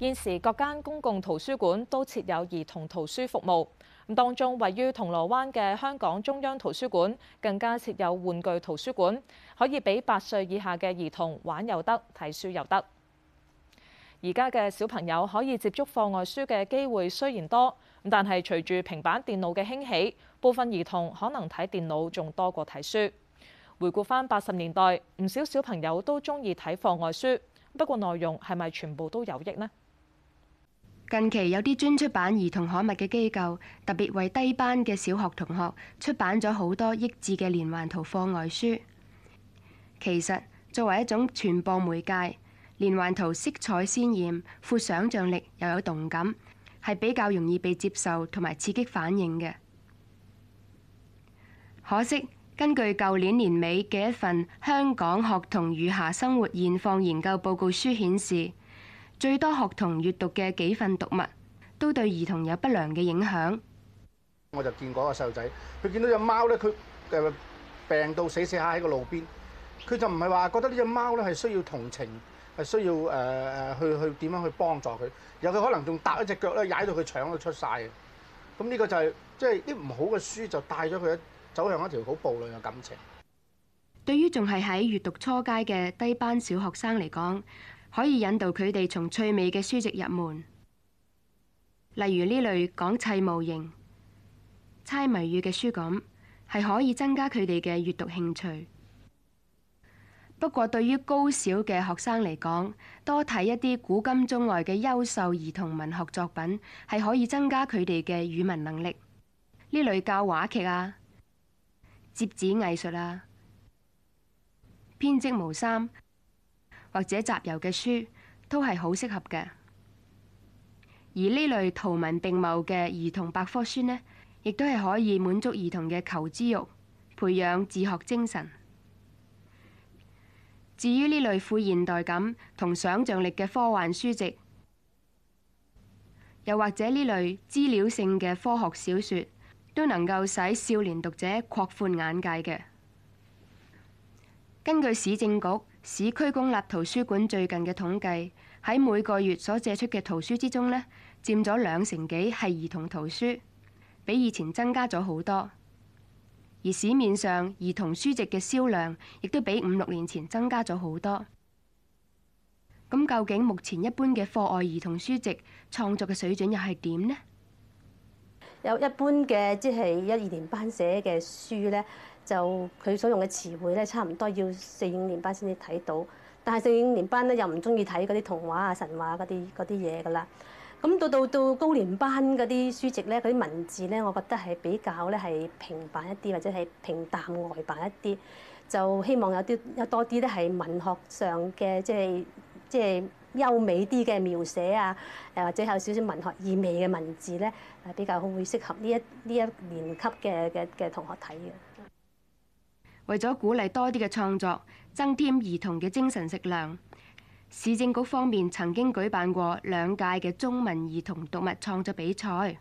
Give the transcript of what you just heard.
現時各間公共圖書館都設有兒童圖書服務，咁當中位於銅鑼灣嘅香港中央圖書館更加設有玩具圖書館，可以畀八歲以下嘅兒童玩又得、睇書又得。而家嘅小朋友可以接觸課外書嘅機會雖然多，但係隨住平板電腦嘅興起，部分兒童可能睇電腦仲多過睇書。回顧返八十年代，唔少小朋友都鍾意睇課外書，不過內容係咪全部都有益呢？近期有啲專出版兒童刊物嘅機構，特別為低班嘅小學同學出版咗好多益智嘅連環圖課外書。其實作為一種傳播媒介，連環圖色彩鮮豔、富想像力又有動感，係比較容易被接受同埋刺激反應嘅。可惜根據舊年年尾嘅一份《香港學童餘下生活現況研究報告書》顯示，最多學童閲讀嘅幾份讀物，都對兒童有不良嘅影響。我就見過個細路仔，佢見到隻貓咧，佢誒病到死死下喺個路邊，佢就唔係話覺得呢隻貓咧係需要同情，係需要誒誒、呃呃、去去點樣去幫助佢，有佢可能仲搭一隻腳咧踩到佢腸都出晒。嘅、就是。咁呢個就係即係啲唔好嘅書就帶咗佢走向一條好暴亂嘅感情。對於仲係喺閲讀初階嘅低班小學生嚟講，可以引導佢哋從趣味嘅書籍入門，例如呢類講砌模型、猜謎語嘅書咁，係可以增加佢哋嘅閱讀興趣。不過對於高小嘅學生嚟講，多睇一啲古今中外嘅優秀兒童文學作品，係可以增加佢哋嘅語文能力。呢類教話劇啊、折紙藝術啊、編織毛衫。或者集郵嘅書都係好適合嘅，而呢類圖文並茂嘅兒童百科書呢，亦都係可以滿足兒童嘅求知欲，培養自學精神。至於呢類富現代感同想象力嘅科幻書籍，又或者呢類資料性嘅科學小說，都能夠使少年讀者擴闊眼界嘅。根據市政局，市區公立圖書館最近嘅統計，喺每個月所借出嘅圖書之中呢，佔咗兩成幾係兒童圖書，比以前增加咗好多。而市面上兒童書籍嘅銷量，亦都比五六年前增加咗好多。咁究竟目前一般嘅課外兒童書籍創作嘅水準又係點呢？有一般嘅即係一二年班寫嘅書咧，就佢所用嘅詞彙咧，差唔多要四五年班先至睇到。但係四五年班咧又唔中意睇嗰啲童話啊、神話嗰啲啲嘢噶啦。咁到到到高年班嗰啲書籍咧，嗰啲文字咧，我覺得係比較咧係平凡一啲，或者係平淡外白一啲。就希望有啲有多啲咧係文學上嘅，即係即係。優美啲嘅描寫啊，誒或者有少少文學意味嘅文字咧，比較會適合呢一呢一年級嘅嘅嘅同學睇嘅。為咗鼓勵多啲嘅創作，增添兒童嘅精神食糧，市政局方面曾經舉辦過兩屆嘅中文兒童讀物創作比賽。